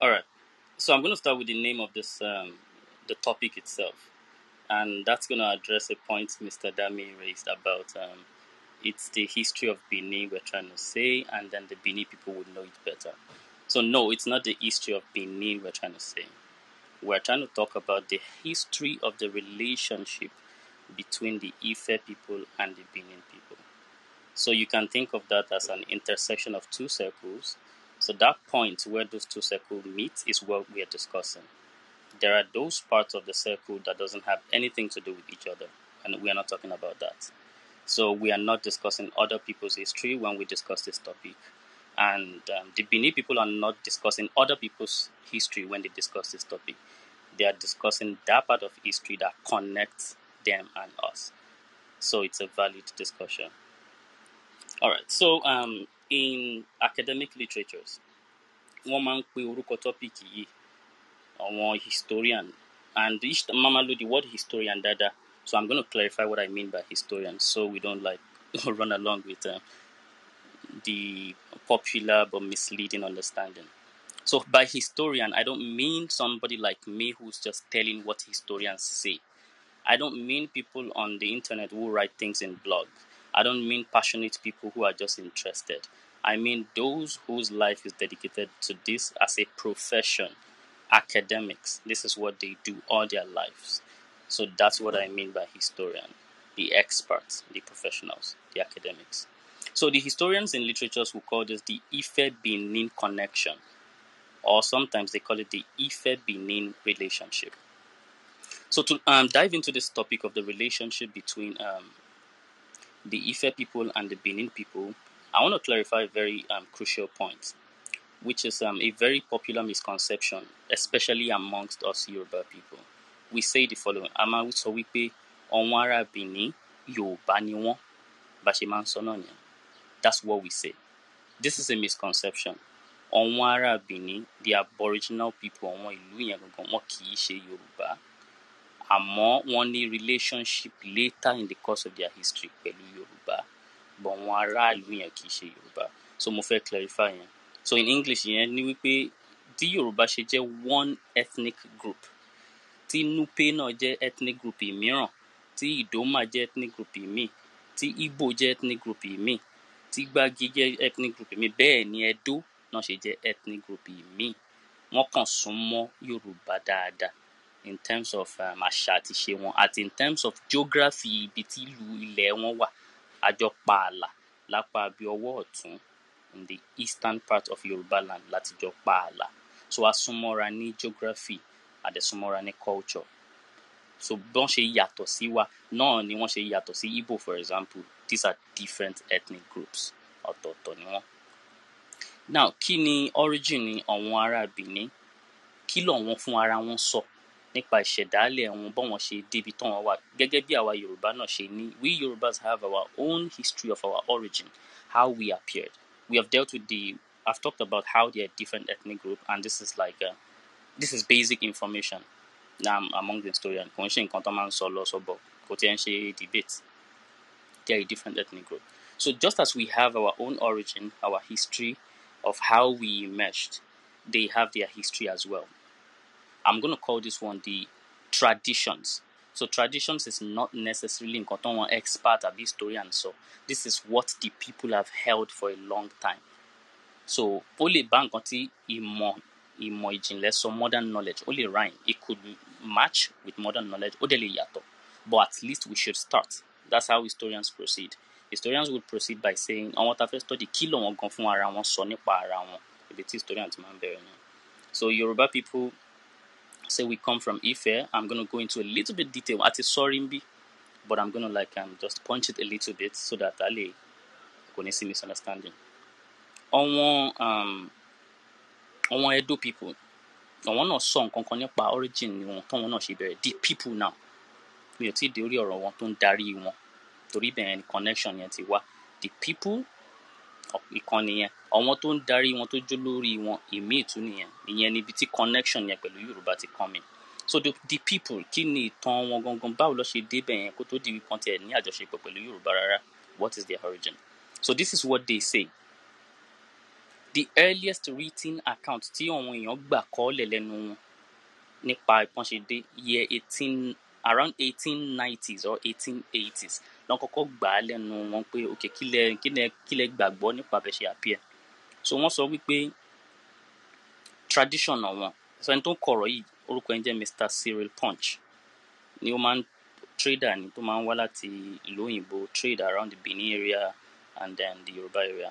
All right. So I'm going to start with the name of this, um, the topic itself, and that's going to address a point Mr. Dami raised about um, it's the history of Benin we're trying to say, and then the Benin people would know it better. So no, it's not the history of Benin we're trying to say. We're trying to talk about the history of the relationship between the Ife people and the Benin people. So you can think of that as an intersection of two circles so that point where those two circles meet is what we are discussing. There are those parts of the circle that doesn't have anything to do with each other, and we are not talking about that. So we are not discussing other people's history when we discuss this topic. And um, the Bini people are not discussing other people's history when they discuss this topic. They are discussing that part of history that connects them and us. So it's a valid discussion. All right. So um, in academic literatures wọ́n máa ń pe orúkọ tọ́pìkì yìí àwọn historian and each mama lo the word historian Dada, so i'm gonna clarify what i mean by historian so we don't like run along with uh, the popular but misleading understanding. So by historian, I don't mean somebody like me who's just telling what historians say. I don't mean people on the internet who write things in blog. I don't mean passionate people who are just interested. I mean those whose life is dedicated to this as a profession. Academics, this is what they do all their lives. So that's what I mean by historian the experts, the professionals, the academics. So the historians in literatures will call this the Ife Benin connection, or sometimes they call it the Ife Benin relationship. So to um, dive into this topic of the relationship between um, the Ife people and the Benin people, I want to clarify a very um, crucial point, which is um, a very popular misconception, especially amongst us Yoruba people. We say the following: Amawu sọ wípé ọ̀wọ́n ara Yorùbá niwon, wọ́n, bá That's what we say. This is a misconception. Onwara Bini, the aboriginal people, ọ̀wọ́n ìlú yẹn gangan, Yorùbá. àmọ́ wọ́n ní relationship later in the course of their history pẹ̀lú Yorùbá but wọn aráàlú yẹn kì í ṣe Yorùbá so mo fẹ́ clarify yẹn so in English yẹn ni wípé tí Yorùbá ṣe jẹ́ one ethnic group tí Nupe náà jẹ́ ethnic group mìíràn tí Idoma jẹ́ ethnic group míì tí Igbo jẹ́ ethnic group míì tí Gbagi jẹ́ ethnic group míì bẹ́ẹ̀ ni Edo náà ṣe jẹ́ ethnic group míì wọ́n kàn sún mọ́ Yorùbá dáadáa in terms of um, àṣà àti ìṣe wọn àti in terms of geography ibi tí ìlú ilẹ̀ wọn wà a jọ lápá bí ọwọ́ ọ̀tún in the eastern part of Yorùbá land láti jọ pa ààlà so a súnmọ́ra ní geography a dẹ̀ ní culture so bọ́n ṣe yàtọ̀ sí wa náà ni wọ́n ṣe yàtọ̀ sí Igbo for example these are different ethnic groups ọ̀tọ̀ọ̀tọ̀ ni wọ́n. now kí ni origin àwọn ará Benin kí lọ́wọ́n fún ara wọn sọ. So? nípa ìṣẹ̀dálẹ̀ wọn bọ́wọn ṣe débi tán wọn wà gẹ́gẹ́ bí àwa Yorùbá náà ṣe ní we Yorùbás have our own history of our origin how we appeared we have dealt with the I've talked about how they are different ethnic group and this is like uh, this is basic information um, among the historian kò ń ṣe nǹkan tó máa ń sọ lọ sọ bọ kò ń ṣe debate they are a different ethnic group so just as we have our own origin our history of how we emerged they have their history as well I'm going to call this one the traditions. So traditions is not necessarily nǹkan tó wọn expert àbí historian So This is what the people have held for a long time. So only lè bá nǹkan tí ìmọ̀ ìmọ̀ ìjìnlẹ̀ modern knowledge only lè rhyme. It could match with modern knowledge Odele yato, But at least we should start. That's how historians proceed. Historians would proceed by saying àwọn tá a fẹ́ study kí lòun gan fún ara wọn sọ So Yoruba people. Say we come from Ife. I'm gonna go into a little bit detail. Àti sorry mbi, but I'm gonna like um, just punch it a little bit so that a lè kò ní sí misunderstanding. on um, àwọn Edo people On one sọ nǹkan kan nípa origin ni wọn táwọn náà ṣe bẹ̀rẹ̀ the people now mi ò tí ì dé one ọ̀rọ̀ wọn tó ń darí wọn connection yẹn ti the people ìkan nìyẹn àwọn tó ń darí wọn tó jó lórí wọn ìmí ìtú nìyẹn ìyẹn níbi tí connection yẹn pẹ̀lú Yorùbá ti kàn mí so the, the people kí ni ìtàn wọn gangan báwo ló ṣe débẹ̀ yẹn kó tó di wípé wọ́n ní àjọṣepọ̀ pẹ̀lú Yorùbá rárá what is their origin so this is what they say the earliest written account tí àwọn èèyàn gbà kọ́ọ́lẹ̀ lẹ́nu wọn nípa ìpọ́nṣẹ́dé year eighteen around eighteen nineties or eighteen eighties lọ́n kọ́kọ́ gbà á lẹ́nu wọn pé ok kílẹ̀ kílẹ̀ kílẹ̀ gbàgbọ́ nípa bẹ́ẹ̀ ṣe so wọ́n sọ wípé tradition àwọn so ẹni tó ń kọ̀rọ̀ yìí orúkọ ẹni jẹ́ Mr. Cyril Punch ni ó máa ń trader ni tó máa ń wá láti ìlú òyìnbó trade around the Benin area and then the Yoruba area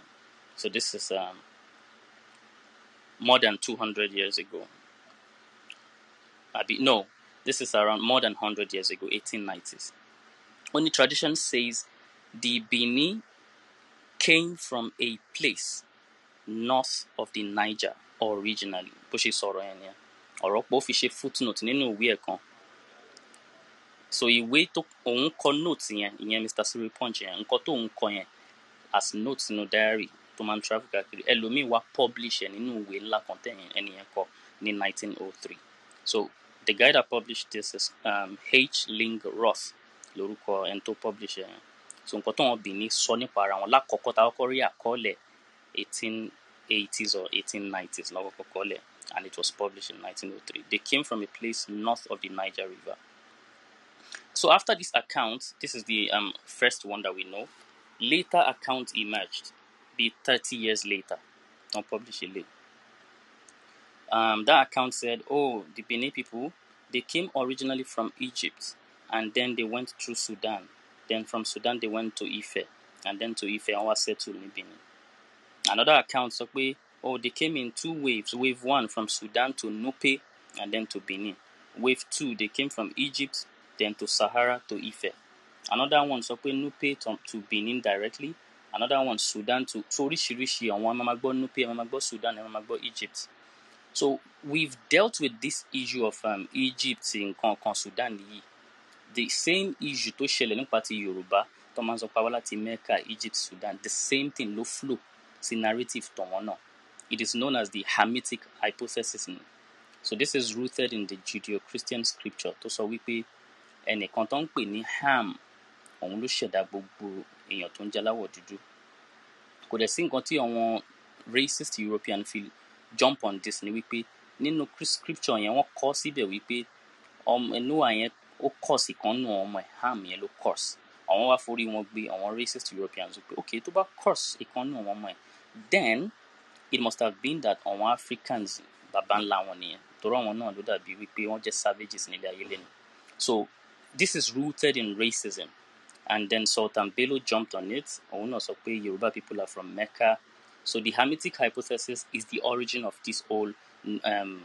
so this is um, more than two hundred years ago abi no this is around more than hundred years ago eighteen nineties only tradition says the Bini came from a place north of the Niger originally bó ṣe sọ̀rọ̀ yẹn nìyẹn ọ̀rọ̀ pé ó fi ṣe footnote nínú ìwé ẹ̀ kan so ìwé tó òun kọ note yẹn ìyẹn Mr. Siri Punch yẹn nǹkan tó òun kọ yẹn as note nínú diary tó máa ń travel káàkiri ẹlòmíì wá publish ẹ̀ nínú ìwé ńlá kan tẹ̀yìn ẹni yẹn kọ ní 1903 so the guy that published this is um, H. Ling Roth lórúkọ ẹni tó publish it. so nǹkan tó wọn sọ nípa ara wọn lákọ̀ọ́kọ́ tá a kọ́kọ́ rí àkọọ́lẹ̀ eighteen eighties or eighteen nineties lọ́wọ́ and it was published in 1903. They came from a place north of the Niger River. So after this account, this is the um, first one that we know. Later accounts emerged, be 30 years later, don't publish it late. Um, that account said, oh, the Benin people, they came originally from Egypt and then they went through Sudan. Then from Sudan they went to Ife, and then to Ife and was settled in Benin. Another account sọ pé oh they came in two waves. Wave one from Sudan to Nupe and then to Benin. Wave two they came from Egypt then to Sahara to Ife. Another one sọ pé Nupe to, to Benin directly. Another one Sudan to so oríṣiríṣi àwọn ẹ máa gbọ́ Nupe ẹ máa Sudan and máa Egypt. So we've dealt with this issue of um, Egypt in con Sudan yìí. the same issue tó ṣẹlẹ̀ nípa ti Yorùbá tó máa ń sọ pawọ́ láti Mecca Egypt Sudan the same thing ló flow sí narrative tọ̀wọ́n náà it is known as the Hamitic hypothesis ni so this is rooted in the Judeo-Christian scripture tó sọ wípé ẹnìkan tó ń pè ní Ham òun ló ṣẹ̀dá gbogbo èèyàn tó ń jẹ́ dúdú kò dẹ̀ sí nǹkan tí àwọn racist European feel, jump on this ni wípé nínú scripture yẹn wọ́n kọ síbẹ̀ wípé ọmọ um, Noah yẹn ó kọ̀sì kan nù ọmọ ẹ̀ ham yẹn ló i àwọn wá forí wọn gbé àwọn racist Europeans wípé ok tó bá kọ̀sì ìkan nù ọmọ ẹ̀ then it must have been that àwọn Africans bàbá ńlá wọn nìyẹn torí àwọn náà ló dàbí wípé wọ́n jẹ́ savages nílé ayé lẹ́nu so this is rooted in racism and then Sultan Bello jumped on it òun náà sọ pé Yorùbá people are from Mecca so the Hamitic hypothesis is the origin of this whole um,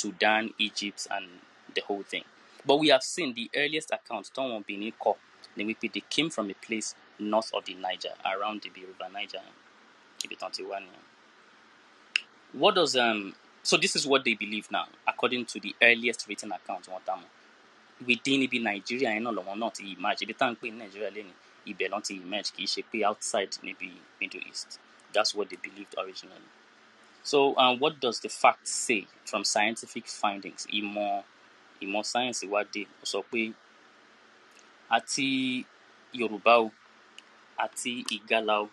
Sudan, Egypt, and the whole thing. But we have seen the earliest account, Then we Ko, they came from a place north of the Niger, around the River Niger. What does um so this is what they believe now, according to the earliest written account We tá mọ̀. Within ibi Nàìjíríà yẹn náà lọ́wọ́ náà ti emerge. Ibi it à to pè ní Nàìjíríà lẹ́nu ibẹ̀ lọ́n emerge it í ṣe outside maybe Middle East. That's what they believed originally. So um, what does the fact say from scientific findings? More. ìmọ̀ sáyẹ́ǹsì wa dé ó sọ pé àti Yorùbá o àti Ìgalà o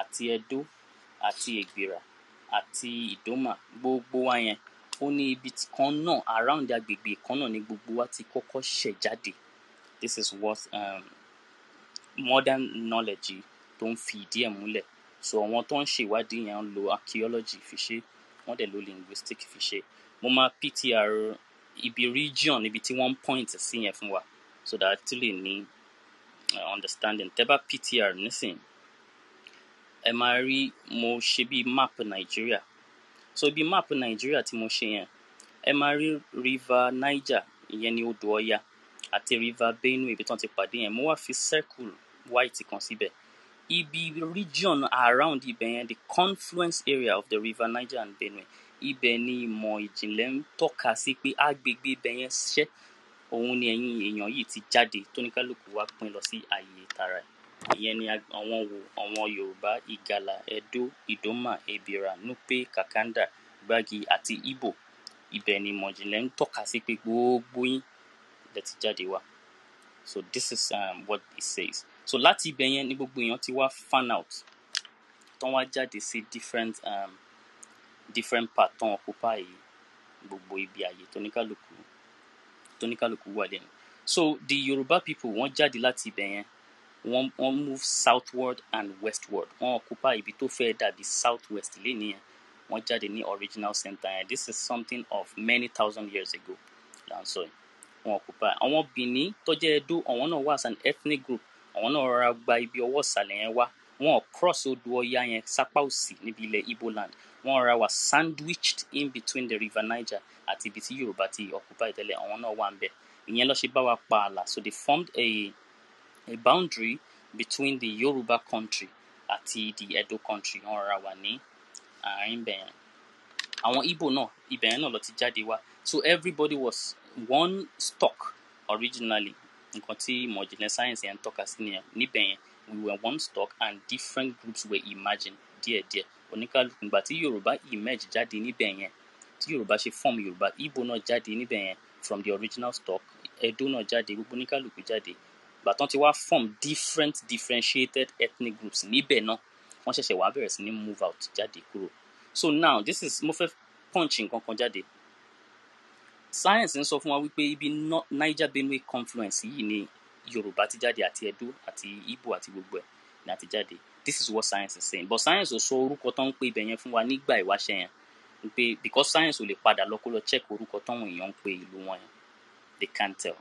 àti Ẹdó àti Ègbìrà àti Ìdómà gbogbo wa yẹn ó ní ibi kan náà around agbègbè kan náà ni gbogbo wa ti kọ́kọ́ ṣẹ̀ jáde this is what um, modern knowledge tó ń fi ìdí ẹ̀ múlẹ̀ so àwọn tó ń ṣèwádìí yẹn ń lo archaeology fi ṣe wọ́n dẹ̀ lo linguistic fi ṣe mo máa ptr ibi region níbi tí wọ́n point sí yẹn fún wa so that actually ní uh, understanding tẹ́ bá PTR nísìn ẹ máa rí mo ṣe bí map Nigeria so ibi map Nigeria tí mo ṣe yẹn ẹ máa rí river Niger ìyẹn ní odò Ọya àti river Benue ibi tí wọ́n ti pàdé yẹn mo wá fi circle white kan síbẹ̀ ibi region around ibẹ̀ yẹn the confluence area of the river Niger and Benue ibẹ̀ ni ìmọ̀ ìjìnlẹ̀ ń tọ́ka sí pé agbègbè ibẹ̀ yẹn ṣẹ́ òun ni ẹ̀yin èèyàn yìí ti jáde tóníkálùkù wá pín lọ sí ààyè tara ìyẹn ni àwọn wo àwọn yorùbá ìgálà ẹdó ìdómà ebira nupe kàkàndà gbági àti ibo ibẹ̀ ni ìmọ̀ ìjìnlẹ̀ ń tọ́ka sí pé gbogbo yín lẹ ti jáde wá so this is um, what it says so láti ibẹ̀ yẹn ni gbogbo èèyàn ti wá fan out tán wá jáde sí different um, different part tán occupy gbogbo ibi ààyè tóníkàlùkù tóníkàlùkù wà lẹ́nu. So the Yoruba people wọ́n jáde láti ibẹ̀ yẹn wọ́n wọ́n move southward and westward wọ́n occupy ibi tó fẹ́ dàbí southwest lẹ́ni yẹn wọ́n jáde ní original center yẹn this is something of many thousand years ago là ń sọ yìí wọ́n occupy àwọn Bìní tó jẹ́ Ẹdó àwọn náà wà as an ethnic group àwọn náà rọra gba ibi ọwọ́ ìsàlẹ̀ yẹn wá wọ́n cross odò Ọya yẹn sápá òsì níbi ilẹ̀ Igbo land wọ́n ra wà sandwiched in between the river Niger àti ibi tí Yorùbá ti occupy tẹ́lẹ̀ àwọn náà wà ń bẹ̀ ìyẹn ló ṣe bá wa pa ààlà so they formed a a boundary between the Yorùbá country àti the Edo country wọ́n ra wà ní àárín bẹ̀yẹn àwọn Igbo náà ibẹ̀yẹn náà ló ti jáde wá so everybody was one stock originally nǹkan tí ìmọ̀ ìjìnlẹ̀ science yẹn ń tọ́ka sí nìyẹn níbẹ̀ we were one stock and different groups were imagined díẹ̀díẹ̀ oníkálukú ìgbà tí yorùbá emerge jáde níbẹ̀ yẹn tí yorùbá ṣe form yorùbá Ibo náà jáde níbẹ̀ yẹn from the original stock edo náà jáde gbogbo oníkálukú jáde ìgbà tán ti wá form different differentiated ethnic groups níbẹ̀ náà wọ́n ṣẹ̀ṣẹ̀ wá bẹ̀rẹ̀ sí ní move out jáde kúrò so now this is mo fẹ́ punch nǹkan jáde science ń sọ fún wa wípé ibi niger benue confluence yìí ni yorùbá ti jáde àti edo àti Ìgbò àti gbogbo ẹ̀ ni a ti jáde this is what science is saying but science ò sọ orúkọ tó ń pè ibẹ̀ yẹn fún wa nígbà ìwáṣẹ̀ yẹn pé because science ò lè padà lọ kó lọ check orúkọ táwọn èèyàn ń pè ìlú wọn yẹn they can't tell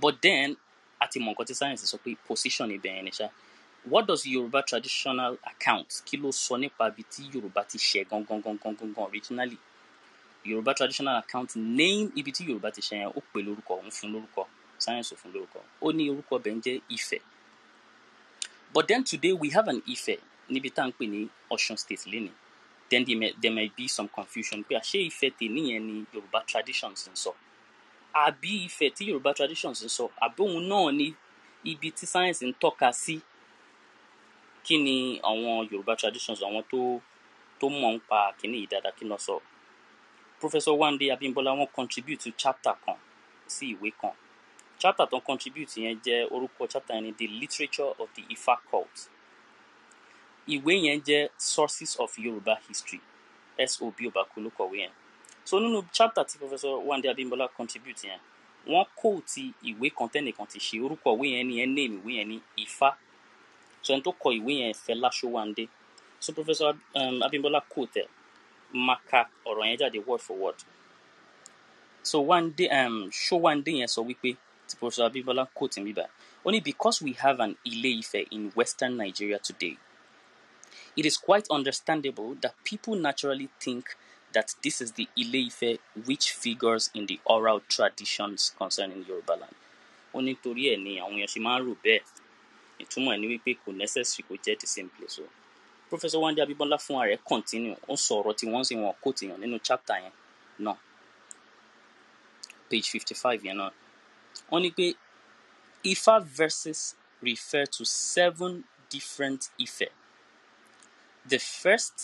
but then a ti nǹkan tí science sọ pé position ibẹ̀ yẹn ni ṣá what does Yoruba traditional account kí ló sọ nípa ibi tí Yorùbá ti ṣe gangan gangan gangan originally Yoruba traditional account name ibi tí Yorùbá ti ṣe yẹn ó pè lórúkọ òun fún lórúkọ science ò fún lórúkọ ó ní orúkọ bẹ́ẹ̀ ń jẹ́ ife. But then today we have an Ife níbi tá à ń pè ní Osun State lénìí. Then there may, there may be some confusion pé àṣé Ife tèmi yẹn ni Yorùbá traditions ń sọ. Àbí Ife tí Yorùbá traditions ń sọ àbí òun náà ni ibi tí sáyẹ̀nsì ń tọ́ka sí kí ni àwọn Yorùbá traditions àwọn tó tó mọ̀ ń pa kíní yìí dáadáa kí n lọ sọ. Professor Wande Abimbola wọ́n contribute to chapter kan sí ìwé kan chapter tó contribute yẹn jẹ́ orúkọ chapter yẹn ni the literature of the Ifa cult ìwé yẹn jẹ́ sources of Yoruba history S.O.B. Obako ló kọ̀wé yẹn so nínú chapter tí professor Wande Abimbola contribute yẹn wọ́n kó ti ìwé kan tẹ́nìkan ti ṣe orúkọ ìwé yẹn ni ẹ name ìwé yẹn ní Ifá so ẹni tó kọ ìwé yẹn Fẹlá Ṣówándé so professor um, Abimbola quote ẹ maka ọ̀rọ̀ yẹn jáde word for word so Wande um, wande yẹn sọ wípé. So tí Professor Abímbọ́lá quote ń bíbá ó because we have an ileife in western Nigeria today it is quite understandable that people naturally think that this is the ileife which figures in the oral traditions concerning Yorùbá land ó ní torí ẹ̀ ni àwọn èèyàn ṣe máa ń rò bẹ́ẹ̀ ìtumọ̀ ẹ̀ ni wípé kò necessary kò jẹ́ the same place o. Professor Wande Abímbọ́lá fúnra rẹ̀ continue ó sọ ọ̀rọ̀ tí wọ́n sì wọ́n kó tìyàn nínú chapter yẹn náà page fifty five yẹn náà wọ́n ní pé Ifa verses refer to seven different Ife. The first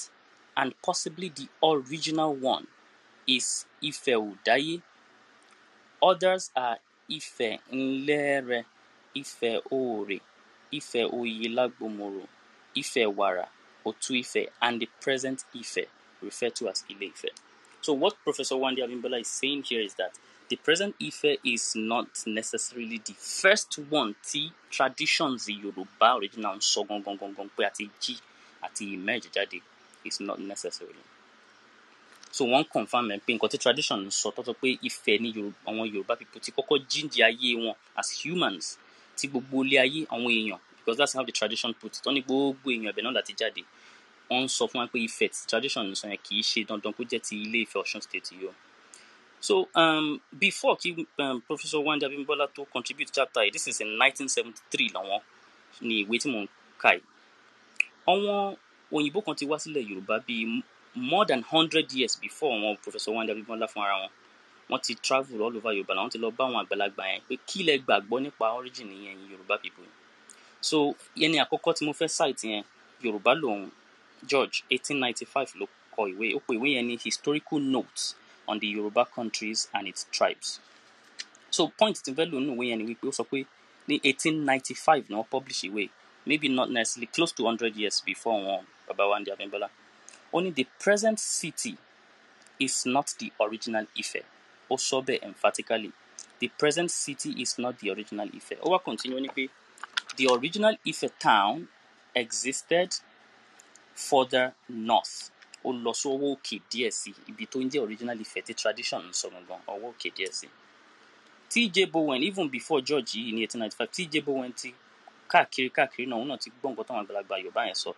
and possibly the original one is Ife Udaye. Others are Ife Nlere, Ife oore, Ife Oyilagbomoro, Ife Wara, Otu Ife, and the present Ife, referred to as Ile Ife. So what Professor Wandi Abimbola is saying here is that the present Ife is not necessarily the first one tí traditions Yorùbá original ń sọ gangan gangan pé àti jí emerge jáde is not necessarily. so one confam ẹ̀ pé nǹkan tí tradition ń sọ tọ́tọ́ ife Ifẹ̀ ni àwọn Yoruba people ti kọ́kọ́ jíǹde ayé wọn as humans ti gbogbo ilé ayé àwọn èèyàn because that's how the tradition put it wọ́n ní gbogbo èèyàn ẹ̀bẹ̀ náà láti jáde wọ́n ń sọ fún wa pé Ifẹ̀ tradition ń sọ yẹn kì í ṣe dandan kó jẹ́ ti ilé Ifẹ̀ Ọ̀ṣun state yìí o. So um, before kí um, Professor Wanda Abimbola to contribute chapter this is in 1973 làwọn ni ìwé tí mò ń kà yìí. Àwọn òyìnbó kan ti wá sílẹ̀ Yorùbá bíi more than hundred years before wọn Professor Wanda Abimbola fún ara wọn. Wọ́n ti travel all over Yorùbá làwọn ti lọ bá àwọn àgbàlagbà yẹn pé kí lẹ gbàgbọ́ nípa origin yẹn Yorùbá people yẹn. So yẹn ni àkọ́kọ́ tí mo fẹ́ cite yẹn Yorùbá lòun George 1895 ló kọ ìwé ó pè ìwé yẹn ní historical notes on the Yoruba countries and its tribes. So point tí fẹ́ lò nù wé yẹn ni wípé ó sọ pé ní 1895 ni wọ́n publish ìwé maybe not necessarily close to 100 years before wọn bàbá wa Abimbola. the present city is not the original Ife. Ó sọ bẹ́ẹ̀ emphatically the present city is not the original Ife. Ó wá continue ní pé the original Ife town existed further north ó lọ sí ọwọ́ òkè díẹ̀ sí ibi tó ń jẹ́ original Ifẹ̀ tí tradition ń sọ gangan ọwọ́ òkè díẹ̀ sí. TJ Bowen even before George yìí ní eighteen ninety five TJ Bowen ti káàkiri káàkiri náà òun náà ti gbọ́ nǹkan táwọn àgbàlagbà Yorùbá yẹn sọ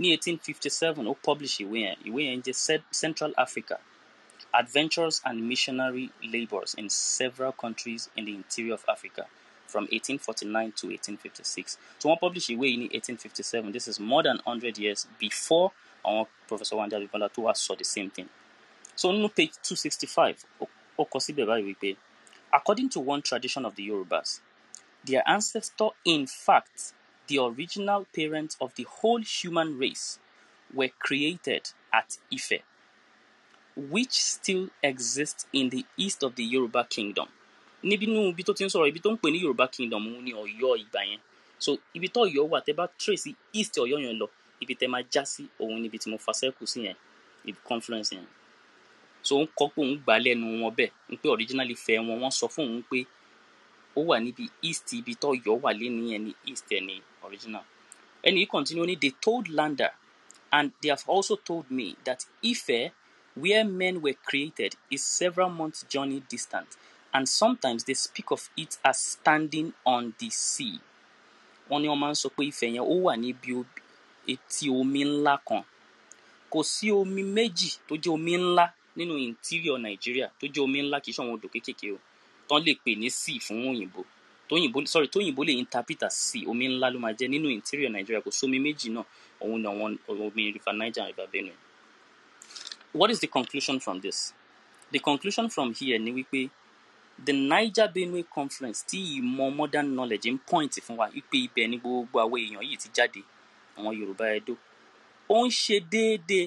ní eighteen fifty seven ó publish ìwé yẹn ìwé yẹn jẹ́ Central Africa Adventures and Missionary Labours in Several Countries in the Interior of Africa from 1849 to 1856. So one published away in 1857. This is more than hundred years before àwọn professor Wande Abímbọ́lá tó wá sọ the same thing so nínú page two sixty five ó kọ síbẹ̀ báyìí wípé according to one tradition of the Yorubas their ancestor in fact the original parents of the whole human race were created at Ife which still exists in the east of the Yoruba kingdom níbi nínú ibi tó ti ń sọ̀rọ̀ ibi tó ń pè ní Yorùbá kingdom ní Ọ̀yọ́ ìgbà yẹn so ibi tó Ọ̀yọ́ wà tẹ́ bá trace east Ọ̀yọ́ yẹn lọ ibi tẹ́ máa já sí òun níbi tí mo fa sẹ́kù sí yẹn ibi confluence yẹn so òun kọ́ pé òun gbà lẹ́nu wọn bẹ́ẹ̀ ń pé originally fẹ́ wọn wọ́n sọ fún òun pé ó wà níbi east ibi tó yọ wà lẹ́nu yẹn ní east ẹ̀ ní original ẹni yìí continue ni they told Lander and they have also told me that Ife where men were created is several months journey distant and sometimes they speak of it as standing on the sea wọ́n ní wọ́n máa ń sọ pé Ifẹ̀ yẹn ó wà níbi etí omi ńlá kan. Kò sí omi méjì tó jẹ́ omi ńlá nínú interior Nàìjíríà tó jẹ́ omi ńlá kì í ṣọ̀wọ́n odò kéékèèké o tán lè pè ní sea fún òyìnbó tóyìnbó lè interpret as omi ńlá ló máa jẹ́ nínú interior Nàìjíríà kò sómi méjì náà òun ni àwọn omi river Niger and Benue. What is the conclusion from this? The conclusion from here ni wípé the Niger Benue conference tí ìmọ̀ modern knowledge ń point fún wa wípé ibẹ̀ ni gbogbo àwọn èèyàn yìí ti jáde àwọn Yorùbá Ẹdó ó ń ṣe déédéé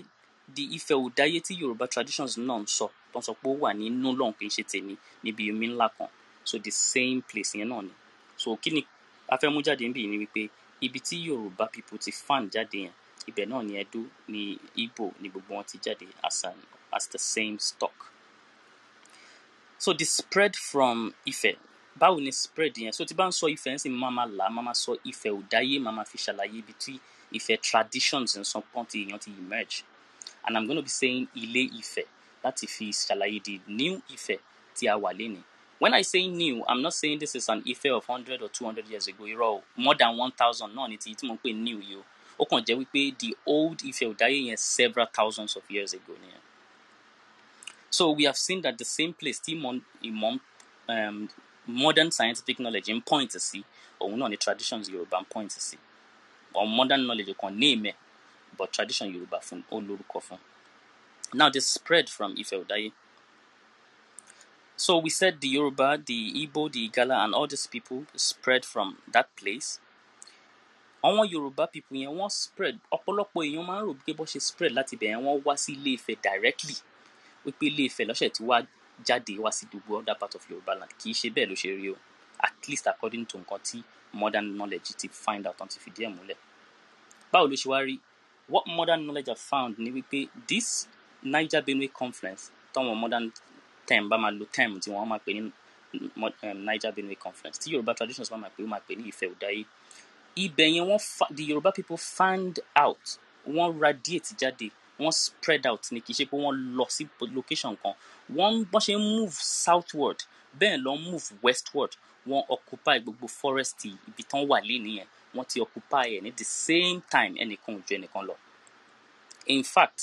di Ifẹ̀ òdáyé tí Yorùbá traditions náà ń sọ tó ń sọ pé ó wà nínú lọ́hùn kì í ṣe tèmi níbi omi ńlá kan so the same place yẹn náà ni so kí ni a jáde níbí ni wípé ibi tí Yorùbá people ti fan jáde yẹn ibẹ̀ náà ni Ẹdó ni Igbo ni gbogbo wọn ti jáde as, an, as the same stock so the spread from ife báwo ni spread yẹn so ti bá ń sọ Ifẹ̀ ń sìn máa ma là máa ma sọ Ifẹ̀ òdáyé máa ma fi ṣàlàyé ibi tí Ife traditions and some country to emerge. And I'm going to be saying Ile Ife. That Ife is the new Ife ti Tiawalini. When I say new, I'm not saying this is an Ife of hundred or two hundred years ago. Irọ́ more than 1,000 náà ni ti tí mo ń new yo. o. Ó kàn jẹ́ the old Ife ò yẹn several thousands of years ago nìyẹn. So we have seen that the same place tí mo ìmọ̀ um, modern scientific knowledge ń point sí òun náà ni traditions Yorùbá ń point sí or modern knowledge kan name, ìmẹ̀ but tradition Yoruba fun, ó lórúkọ Now they spread from Ife Odaye. So we said the Yoruba, the Igbo, the Igala and all these people spread from that place. Àwọn Yoruba people yẹn wọ́n spread ọ̀pọ̀lọpọ̀ èèyàn máa ń rò pé bó ṣe spread láti ibẹ̀ yẹn wọ́n wá sí Ilé Ifẹ̀ directly wípé Ilé Ifẹ̀ lọ́sẹ̀ tí wàá jáde wá sí gbogbo other part of Yoruba. land kì í ṣe bẹ́ẹ̀ ló ṣe rí o at least according to nǹkan tí modern knowledge ti find out àti fìdí ẹ̀ múlẹ̀. báwo ló ṣe wá rí what modern knowledge have found ni wípé this Niger Benue conference táwọn modern term bá máa lo term tí wọ́n máa pè ní um, Niger Benue conference tí Yorùbá traditions bá máa pè ó máa pè ní ìfẹ́ òdáyé ibẹ̀ yẹn wọ́n the Yorùbá people find out wọ́n radiate jáde wọ́n spread out ni kì í ṣe pé wọ́n lọ sí location kan wọ́n bọ́n ṣe move southward bẹ́ẹ̀ lọ move westward wọ́n occupy gbogbo forest ibi tán wà lé nìyẹn wọ́n ti occupy ẹ̀ ní the same time ẹnìkan ò ju ẹnìkan lọ. in fact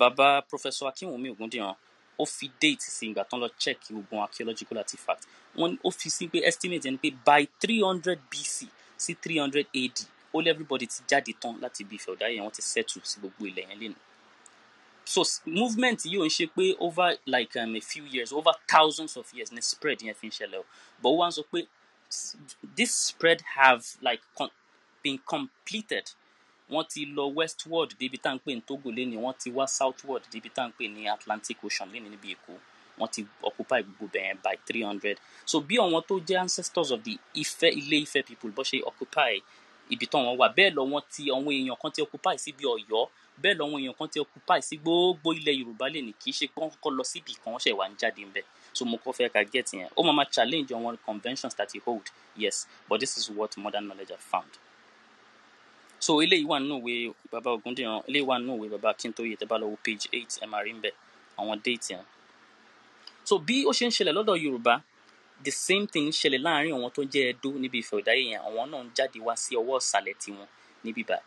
Baba professor akínwùmí ògúndìran ó fi date sí ìgbà tán lọ check gbogbo archaeological artifact wọ́n ó fi sí pé estimate ẹni pé by three hundred BC sí three hundred AD ó lé everybody ti jáde tán láti ibi ìfẹ́ ọ̀dáyé wọ́n ti settle sí gbogbo ilẹ̀ yẹn lénìí so movement yìí ò ń ṣe pé over like um, a few years over thousands of years ni spread yẹn fi ń ṣẹlẹ̀ o but wọ́n sọ pé this spread have like con been completed wọ́n ti lọ westward débi tá à ń pè ní Togo lẹ́ni wọ́n ti wá southward débi tá à ń pè ní Atlantic Ocean lẹ́ni níbi Èkó wọ́n ti occupy gbogbo bẹ̀yẹn by three hundred so bí àwọn tó jẹ́ ancestors of the Ife Ilé Ife people bó ṣe occupy ibi tó wọn wà bẹ́ẹ̀ lọ́wọ́n ti àwọn èèyàn kan ti occupy síbi Ọ̀yọ́ bẹ́ẹ̀ lọ́wọ́n èèyàn kan ti occupy sí gbogbo ilẹ̀ Yorùbá lè ní kì í ṣe pé lọ síbi kan wọ́n ṣẹ̀ wá ń jáde ń bẹ̀ so mo kọ́ fẹ́ ká get yẹn ó máa ma challenge àwọn conventions that he hold yes but this is what modern knowledge have found so eléyìí wà nínú ìwé baba Ògúndìran eléyìí wà nínú ìwé baba Akíntóyè tẹ́ bá lọ wo page eight ẹ máa rí ń bẹ̀ àwọn date yẹn so bí ó ṣe ń ṣẹlẹ̀ lọ́dọ̀ Yorùbá the same thing ṣẹlẹ̀ láàrin àwọn tó jẹ́ Ẹdó níbi Ìfẹ́ Òdáyé yẹn àwọn náà ń jáde wá sí ọwọ́ ìsàlẹ̀ tiwọn níbí báyìí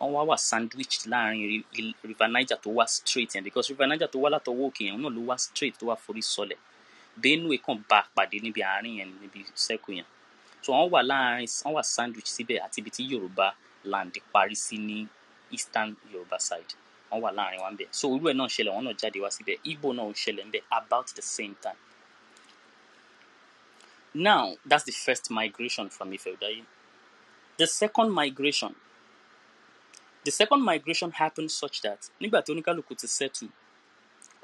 wọ́n wá wà sandwich láàrin River Niger tó wá straight yẹn because River Niger tó wá látọwọ́ òkè yẹn náà ló wá straight tó wá forí sọlẹ̀ Benue kàn bá pàdé níbi àárín yẹn níbi circle yẹn so wọ́n wà láàrin wọ́n wà sandwich síbẹ̀ àti ibi tí Yorùbá land parí sí ní eastern Yorùbá side wọ́n wà láàrin wa ń so irú ẹ̀ náà ṣẹlẹ̀ wọ́n náà jáde wá síbẹ̀ Igbo náà ṣẹlẹ̀ ń about the same time Now, that's the first migration from Ifeudayi. The second migration, the second migration happened such that nígbà tí oníkálukú ti settle,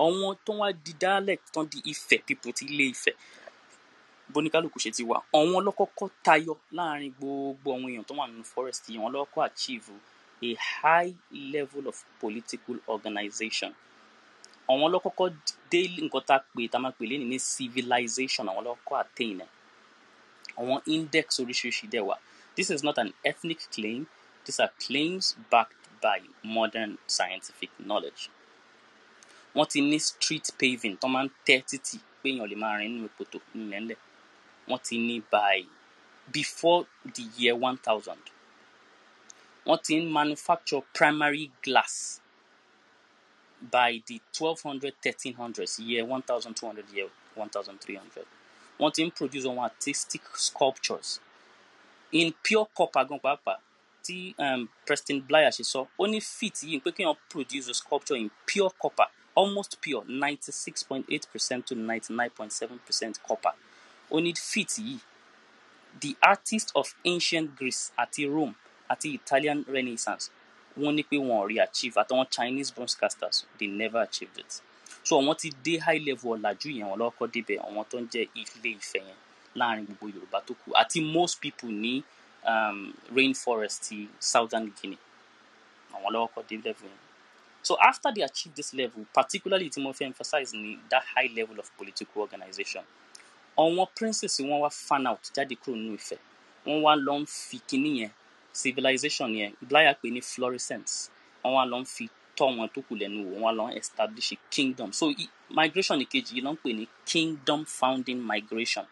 àwọn tó wá di dialect tán di Ife people ti Ilé Ifẹ̀ bóníkálukú ṣe ti wà àwọn lọ́kọ́kọ́ tayọ láàrin gbogbo àwọn èèyàn tó wà nínú forest yìí àwọn lọ́kọ́ achieve a high level of political organization àwọn lọ́kọ́kọ́ dé nǹkan tá a pè tá a máa pè lẹ́nu ní civilization àwọn lọ́kọ́ attain ẹ̀ or index oríṣiríṣi dẹ̀ this is not an ethnic claim these are claims backed by modern scientific knowledge What in ní street paving Toman thirty ń by before the year one What in manufacture primary glass by the twelve hundred thirteen hundreds year one thousand two hundred year one thousand three hundred wọ́n ti ń produce àwọn artistic sculptures in pure copper gan pàápàá tí um, Preston Blair ṣe sọ ó ní fit yìí pé kéèyàn produce a sculpture in pure copper almost pure ninety six point eight percent to ninety nine point seven percent copper ó ní fit yìí the artist of ancient Greece àti Rome àti Italian Renaissance wọ́n ní pé wọn ò rí achieve àtàwọn Chinese bronze casters they never achieved it so àwọn ti dé high level ọ̀làjú yẹn wọn lọ́kọ́ débẹ̀ àwọn tó ń jẹ́ ilé Ifẹ̀ yẹn láàrin gbogbo Yorùbá tó kù àti most people ní um, rainforest ti Southern Guinea àwọn lọ́kọ́ dé level yẹn so after they achieve this level particularly tí mo fẹ́ emphasize ni that high level of political organization àwọn princes wọn wá fan out jáde kúrò nínú Ifẹ̀ wọn wá lọ ń fi kinní yẹn civilization yẹn Bláyà pè ní florescence wọn wá lọ fi tọ́ wọn tó kù lẹ́nu wò lọ establish a kingdom so migration ìkejì yìí ló ń pè ní kingdom founding migration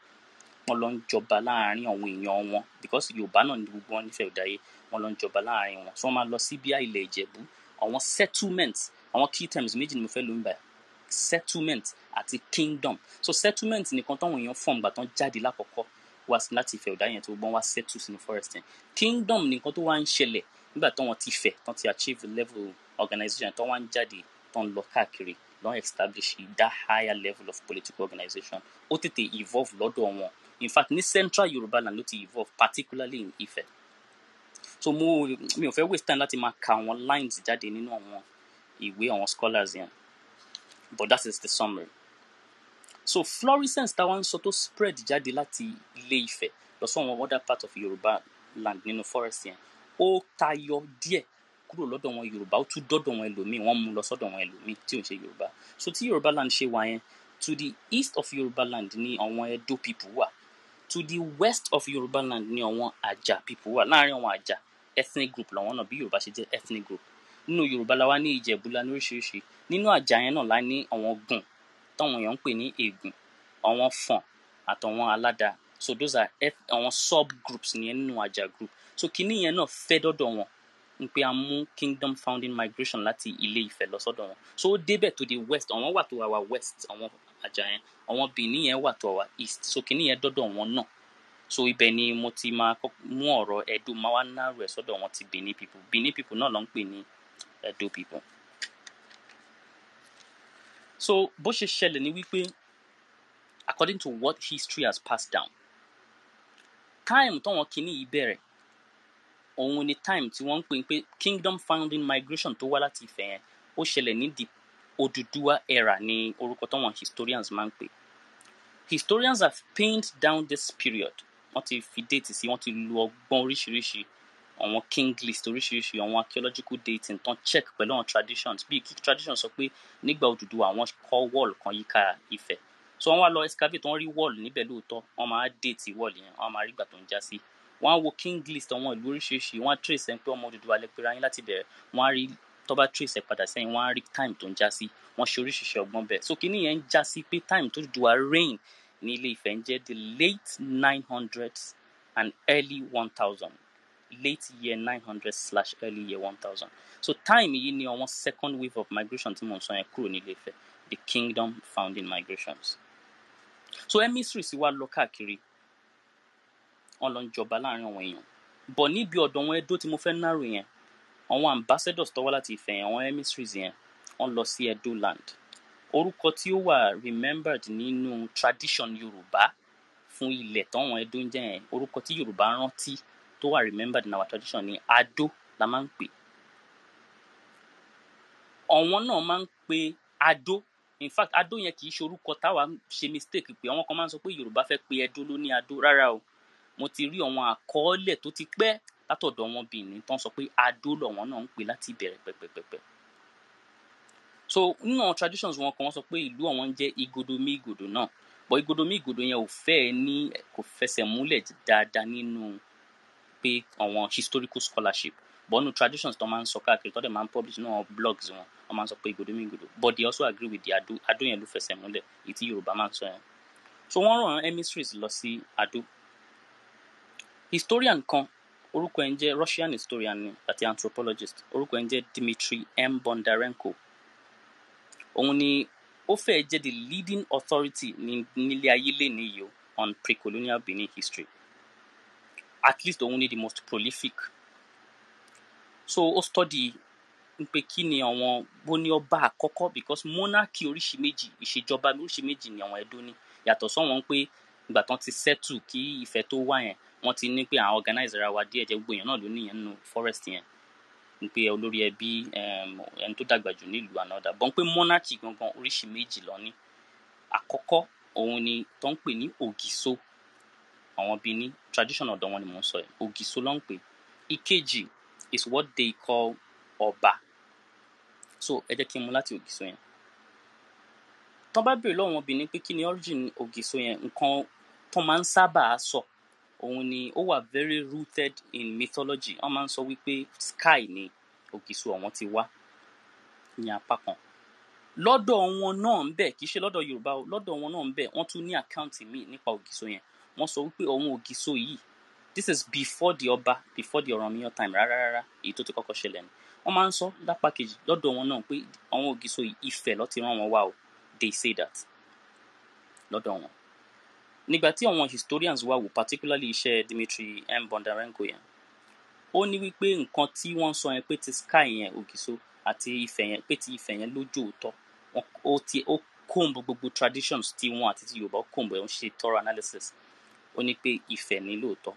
wọ́n lọ ń jọba láàárín àwọn èèyàn wọn because yorùbá náà ní gbogbo wọn nífẹ̀ẹ́ ìdáyé wọ́n lọ ń jọba láàárín wọn so wọ́n máa lọ sí bíi ilẹ̀ ìjẹ̀bú àwọn settlement àwọn key terms méjì ni mo fẹ́ lóyún báyìí settlement àti kingdom so settlement nìkan táwọn èèyàn fọ̀n gbà tán jáde lákọ̀ọ́kọ́ wá láti Ifẹ̀ Ọ̀dà yẹn tó gbọ́n wá settle sínú forest kingdom nìkan tó wá ń ṣẹlẹ̀ nígbà táwọn ti fẹ̀ tán ti achieve level organization tó wá ń jáde tó ń lọ káàkiri lọ́n establish that higher level of political organization ó tètè evolve lọ́dọ̀ wọn in fact ní central Yorùbá land ló ti evolve particularly in Ife. so mo mi ò fẹ́ waste time láti máa ka àwọn lines jáde nínú àwọn ìwé àwọn scholars yẹn but that is the summary so fluorescence táwọn ń sọ tó spread jáde láti ilé Ifẹ̀ lọ sí àwọn other part of Yorùbá land nínú forest yẹn ó tayọ díẹ̀ kúrò lọ́dọ̀ wọn yorùbá ó tún dọ́dọ̀ wọn ẹlòmíì wọ́n mú lọ sọ́dọ̀ wọn ẹlòmíì tí ò ń ṣe yorùbá so tí yorùbá land ṣe wà yẹn to the east of yorùbá land ni àwọn edo people wà to the west of yorùbá land ni àwọn àjà people wà láàrin àwọn àjà ethnic group làwọn náà bí yorùbá ṣe jẹ́ ethnic group nínú yorùbá la wá ní ìjẹ̀bú la ní oríṣiríṣi nínú àjà yẹn náà la ní àwọn gùn táwọn èèyàn ń pè ní ègùn àwọn fọ̀n àtàwọn aládà so those are àwọn sub groups nìyẹn nínú àjà group so kinní yẹn náà fẹ́ dọ́dọ̀ wọn ń pé a mú kingdom founding migration láti ilé Ifẹ̀ lọ sọ́dọ̀ wọn so ó débẹ̀ to the west àwọn wà to our west àwọn àjà yẹn àwọn Benin yẹn wà to our east so kìíní yẹn dọ́dọ̀ wọn náà so ibẹ̀ ni mo ti máa mú ọ̀rọ̀ Ẹdó máa wá náà rẹ̀ sọ́dọ̀ wọn ti Benin people Benin people náà ló ń pè ní Ẹdó people so bó ṣe ṣẹlẹ̀ ni wípé according to what history has passed down time táwọn kìíní yìí bẹ̀rẹ̀ òun ni time tí wọ́n ń pè pé kingdom founding migration tó wá láti Ifẹ̀ yẹn ó ṣẹlẹ̀ ní the Oduduwa era ní orúkọ táwọn historians máa ń pè historians have pinned down this period wọ́n ti fi déètì sí wọ́n ti lu ọgbọ́n oríṣiríṣi àwọn king list oríṣiríṣi àwọn archaeological dating tán check pẹ̀lú àwọn traditions bíi kí tradition sọ pé nígbà Odùduwà àwọn kọ́ wall kan yíká Ifẹ̀ so wọ́n wá lọ excavate wọ́n rí wall níbẹ̀ lóòótọ́ wọ́n máa déètì wall yẹn wọ́n máa rí ìgbà tó ń já sí wọ́n á wo king list àwọn ìlú oríṣiríṣi wọ́n á trace ẹ̀ pé ọmọ Odùduwà lẹ pera yín láti bẹ̀rẹ̀ wọ́n á rí tó trace ẹ̀ padà sẹ́yìn wọ́n á rí time tó ń já sí wọ́n ṣe oríṣiríṣi ọgbọ́n bẹ́ẹ̀ so kínní yẹn ń já sí pé time tó Odùduwà reign ní Ilé Ifẹ̀ ń jẹ́ the late nine hundreds and early one thousand late year nine hundred slash early year one thousand so time yìí ni àwọn second wave of migration tí mò ń sọ yẹn kúrò ní Ilé Ifẹ̀ the kingdom founding migrations so emissary sì wá lọ káàkiri wọ́n lọ ń jọba láàrin àwọn èèyàn bọ̀ níbi ọ̀dọ̀ wọn Ẹdó tí mo fẹ́ náró yẹn àwọn ambassadors tó wá láti Ifẹ̀ yẹn àwọn emissaries yẹn wọ́n lọ sí Edo land orúkọ tí ó wà remembered nínú tradition Yorùbá fún ilẹ̀ tọ́wọ̀n Ẹdó ń jẹ́ yẹn orúkọ tí Yorùbá rántí tó wà remembered in our tradition ni Adó la máa ń pè ọ̀wọ́n náà máa ń pe Adó in fact Adó yẹn kì í ṣe orúkọ táwa ṣe mistake pé àwọn kan máa ń sọ pé Yorùbá fẹ́ pe Ẹdó ló ní Adó rárá o mo ti rí àwọn àkọọ́lẹ̀ tó ti pẹ́ látọ̀dọ̀ wọn Bìní tán sọ pé adó lọ̀wọ́n náà ń pè láti ìbẹ̀rẹ̀ pẹ̀pẹ̀pẹ̀pẹ̀ so nínú àwọn traditions wọn kan wọ́n sọ pé ìlú àwọn ń jẹ́ igodomi igodo náà but igodomi igodo yẹn ò fẹ́ ní kò fẹsẹ̀ múlẹ̀ dáadáa nínú pé àwọn historical scholarship but nínú traditions tó máa ń sọ káàkiri tó dẹ̀ máa ń publish nínú àwọn blogs wọn wọ́n máa ń sọ pé igodomi igodo but they also agree with the adó adó yẹn ló fẹsẹ̀ múlẹ̀ èyí tí Yorùbá máa ń sọ yẹn so wọ́n rán emissaries lọ sí adó historian kan orúkọ ẹ̀ ń jẹ́ Russian historian ni àti anthropologist orúkọ ẹ̀ ń jẹ́ Dmitry M. Bondarenko òun ni ó fẹ́ẹ̀ jẹ́ the leading authority ní nílé ayé lénìí yìí on pre-colonial Benin history at least òun ni the most prolific so ó study pé kí ni àwọn bó ní ọba àkọ́kọ́ because monarchy oríṣi méjì ìṣèjọba oríṣi méjì ni àwọn Ẹdó ní yàtọ̀ sọ́wọ́n pé ìgbà tán ti settle kí Ifẹ̀ tó wá yẹn wọ́n ti ní pé àwọn organizer ara wa díẹ̀ jẹ́ gbogbo èèyàn náà ló níyẹn nínú forest yẹn ní pé olórí ẹbí ehm, ẹni tó dàgbà jù nílùú ànádà bọ́n pé monarchy gangan oríṣi méjì lọ ní àkọ́kọ́ òun ni tó ń pè ní ògìso àwọn bíi ní tradition ọ̀dọ̀ wọn ni mò ń sọ yẹn ògìso ló ń pè ìkejì is what they call ọba so ẹ jẹ́ kí n mú láti ògìso yẹn tọ́ bá béèrè lọ́wọ́ wọn bìíní pé kí ni origin ògìso yẹn nǹkan tó máa ń sábà sọ òun ni ó wà very rooted in mythology wọ́n máa ń sọ wípé sky ni òkìṣù ọ̀wọ́n ti wá ní apá kan lọ́dọ̀ wọn náà ń bẹ̀ kì í ṣe lọ́dọ̀ Yorùbá o lọ́dọ̀ wọn náà ń bẹ̀ wọ́n tún ní àkáǹtì míì nípa ògìso yẹn wọ́n sọ wípé òun ògìso yìí this is before the ọba before the Ọ̀rànmíyàn time rárá rárá èyí tó ti kọ́kọ́ ṣẹlẹ̀ ni wọ́n máa ń sọ lápá kejì lọ́dọ̀ wọn náà pé àwọn ògìso yìí Ifẹ̀ ló ti rán wọn wá o they say that lọ́dọ̀ wọn nígbà tí àwọn historians wá wò particularly iṣẹ́ Dimitri M. Bondarenko yẹn ó ní wípé nǹkan tí wọ́n sọ yẹn pé ti sky yẹn ògìso àti Ifẹ̀ yẹn pé ti Ifẹ̀ yẹn lójú òótọ́ ó ti ó kóńbó gbogbo traditions tí wọ́n àti ti Yorùbá kóńbó ẹ̀ ń ṣe thorough analysis ó ní pé Ifẹ̀ ní lóòótọ́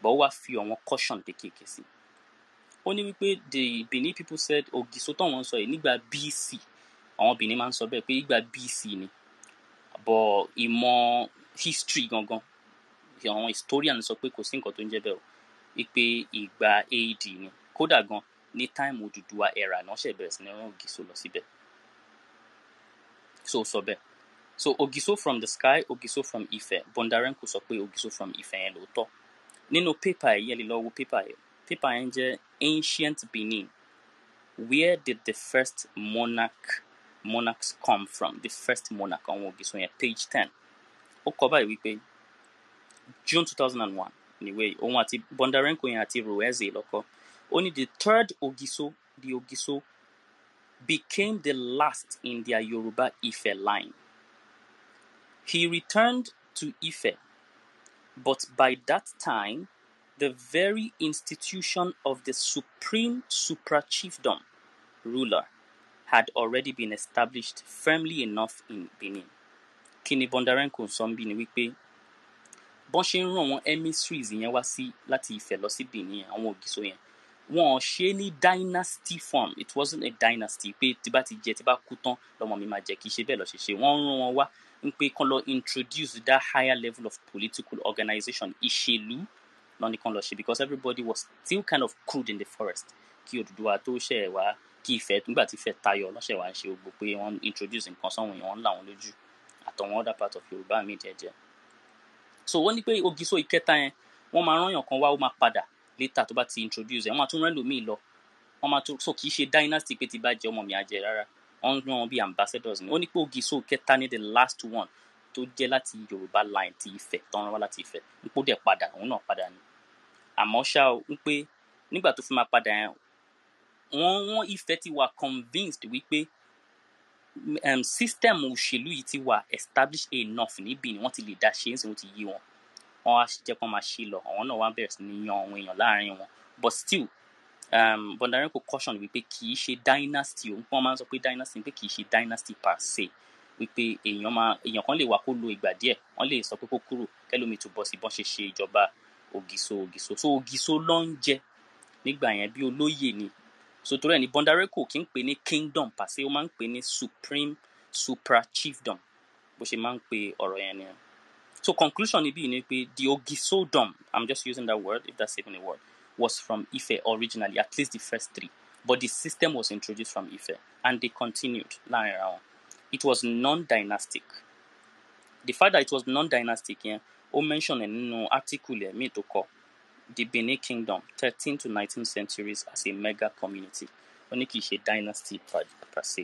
but ó wá fi àwọn caution kékeré sí ó ní wípé the Benin people said ògìso táwọn sọ yìí nígbà BC àwọn Benin máa ń sọ bẹ́ẹ̀ pé ìgbà BC ni bọ̀ ìmọ̀ history gangan àwọn historian sọ pé kò sí nǹkan tó ń jẹ́ bẹ́ẹ̀ o wípé ìgbà AD ni kódà gan ní táìmù Odùduwà era náà ṣẹ̀ bẹ̀rẹ̀ sí ní rán Ògìsó lọ síbẹ̀ so sọ bẹ́ẹ̀ so Ògìsó from the sky Ògìsó from Ife. Bondarenko sọ pé Ògìsó from Ife. yẹn lóòótọ́ nínú pépà yìí ẹ lè lọ wo pépà yìí pépà yẹn jẹ́ ancient Benin where did the first monarch monarchs come from the first monarch àwọn Ògìsó yẹn page ten ó kọ báyìí wípé June two anyway one níwèé òun àti Bondarenko yẹn àti Ruweze lọ́kọ ó ní the third Ogiso the Ogiso became the last in their Yoruba Ife line he returned to Ife but by that time the very institution of the supreme suprachiefdom ruler had already been established firmly enough in Benin. kí ni Bondarenko sọ ń bí ni wípé bọ́n ṣe ń rán àwọn emissaries yẹn wá sí láti Ifẹ̀ lọ sí Benin àwọn ògìso yẹn wọn ṣe ní dynasty form it wasn't a dynasty pé tí bá ti jẹ tí bá kú tán lọmọ mi máa jẹ kì í ṣe bẹ́ẹ̀ lọ ṣe ṣe wọ́n ń rán wá ń pé kán lọ introduce that higher level of political organization ìṣèlú lọ́ni kan lọ ṣe because everybody was still kind of crude in the forest kí Odùduwà tó ṣe wá kí Ifẹ̀ nígbà tí Ifẹ̀ tayọ lọ́ṣẹ̀ wá ń ṣe gbogbo pé wọ́n introduce nǹkan sọ́wọ́n yẹn wọ́n ń là wọ́n lójú àtọ̀wọ́n other part of Yorùbá mi jẹ́jẹ́ so wọ́n ní pé ogi so ìkẹta yẹn wọ́n máa rányàn kan wá ó máa padà later tó bá ti introduce ẹ̀ wọ́n máa tún rán lòmíì lọ wọ́n máa tún so kì í ṣe dynasty pé ti bá jẹ́ ọmọ mi àjẹ rárá wọ́n rán wọn bí ambassadors ni ó ní pé ogi so ìkẹta ni the last one tó jẹ́ láti Yorùbá line ti Ifẹ̀ tán rán wá láti Ifẹ̀ ń pò dẹ̀ padà òun náà padà ni àmọ́ ṣá o ń pé nígbà tó fi máa padà yẹn wọ́n wọ́n Ifẹ̀ ti wà convinced wípé um, system òṣèlú yìí ti wà established enough níbí ni wọ́n ti lè dá ṣe é sì wọ́n ti yé wọn wọ́n á jẹ́ kó máa ṣe lọ àwọn náà wá bẹ̀rẹ̀ sí ní yan àwọn èèyàn láàrin wọn but still um, bondarenko caution wípé kì í ṣe dynasty òun wọ́n máa ń sọ pé dynasty pé kì í ṣe dynasty per se wípé èèyàn máa èèyàn kan lè wà kó lo ìgbà díẹ̀ wọ́n lè sọ pé kó kúrò kẹ́lómi tó bọ́ sí bọ́n ṣe ṣe ìjọba ògìso ògìso so ògìso ló ń jẹ nígbà yẹn bí olóyè ni so torí ẹ̀ ní bọ́ndarẹ́ kò kí ń pè ní kingdom pàṣẹ ó máa ń pè ní supreme supra chiefdom bó ṣe máa ń pe ọ̀rọ̀ yẹn so conclusion ibi ni pé the ogisodom i'm just using that word if that's even a word was from Ife originally at least the first three but the system was introduced from Ife and they continued láàrin ara wọn it was non-dynastic the fact that it was non-dynastic yẹn ó mention ẹ̀ nínú article ẹ̀ tó kọ the Benin Kingdom, 13 to 19 centuries as a mega community. Ó ní kì dynasty per, per se.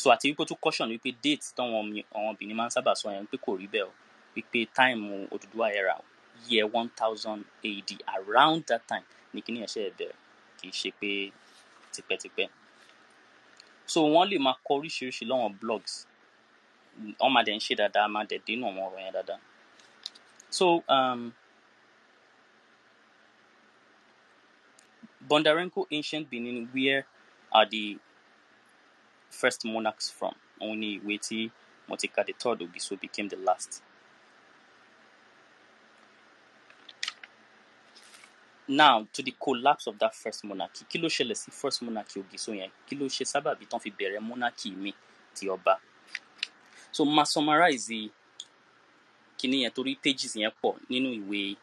So àti wípé ó tún caution wípé date táwọn àwọn Benin máa ń sábà sọ yẹn pé kò rí bẹ́ẹ̀ o wípé time Odùduwà era year 1000 AD around that time ni kíní ẹ̀ṣẹ̀ bẹ̀rẹ̀ kì í ṣe pé tipẹ́tipẹ́. So wọ́n lè máa kọ oríṣiríṣi lọ́wọ́n blogs wọ́n máa dẹ̀ ń ṣe dáadáa máa dẹ̀ dínà wọn ọ̀rọ̀ yẹn dáadáa. So um, Bondarenko Ancient Benin Where are the first monarchs from? Only ni Motika the third Ogiso became the last. Now to the collapse of that first monarchy. Kí ló first monarchy Ogiso yẹn? Kí ló ṣe sábàbí monarchy me ti So ma is the Kini yẹn torí pages yẹn pọ̀ nínú ìwé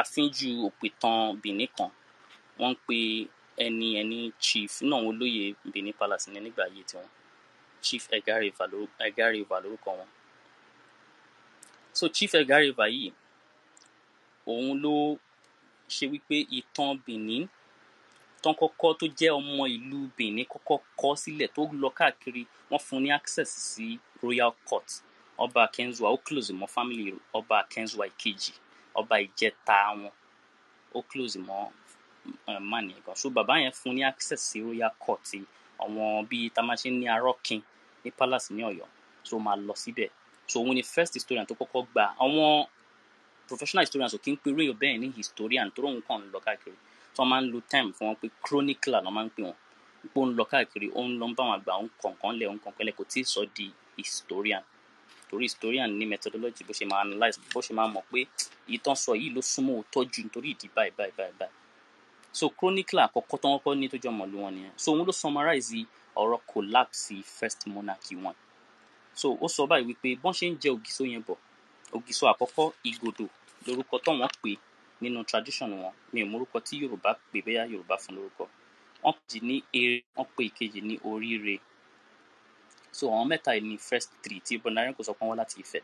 àfínjú òpìtàn Benin kan wọ́n ń pe ẹni ẹni chief náà wọn olóyè Benin Palace ní nígbà ayé tiwọn chief Egah River lórúkọ wọn so chief Egah River yìí òun ló ṣe wípé ìtàn Benin tán kọ́kọ́ tó jẹ́ ọmọ ìlú Benin kọ́kọ́ kọ sílẹ̀ tó lọ káàkiri wọ́n fún ní access sí royal court ọba Akenzua ó close mọ́ family ọba Akenzua ìkejì ọba ìjẹta wọn ó close mọ́ Eh, man yẹn so Baba, yẹn fún ní access sí royal court àwọn bíi tamasi ní arọ́kin ní palace ní ọ̀yọ́ so máa lọ síbẹ̀ so òun ni first historian tó kọ́kọ́ gba àwọn professional historians ò kí ń pe ríyìn bẹ́ẹ̀ ní historian tó ròhun kàn ń lọ káàkiri tí wọ́n máa ń lo time fún wọn pé chronicler ni wọ́n máa ń pè wọ́n pé ó ń lọ káàkiri ó ń lọ ń bá wọn àgbà òun kọ̀ọ̀kan lẹ̀ òun kọ̀ọ̀kan lẹ̀ kò tí ì sọ di historian torí historian ní methodology bó ṣe máa analyse bó ṣe máa mọ̀ pé ìtàn sọ yìí ló súnmọ́ òótọ́ jù nítorí ìdí báyìí báyìí báyìí so chronicler àkọ́kọ́ tó wọ́n kọ́ ní tó jọ mọ̀lú wọn nìyẹn so òun ló summarize ọ̀rọ̀ collapse first monarchy wọn so ó sọ báyìí wípé bọ́n ṣe ń jẹ ògìsó yẹn bọ̀ ògìsó àkọ́kọ́ ìgòdò lórúkọ tó wọ́n pè nínú tradition wọn mi ò mórúkọ tí yorùbá pè bẹ́yà yorùbá fún lórúkọ wọ́n pè ní eré wọ́n pè ìkejì ní oríire so àwọn mẹ́ta yìí ni first three tí bọ̀dáyẹn kò sọ pé wọ́n láti Ifẹ̀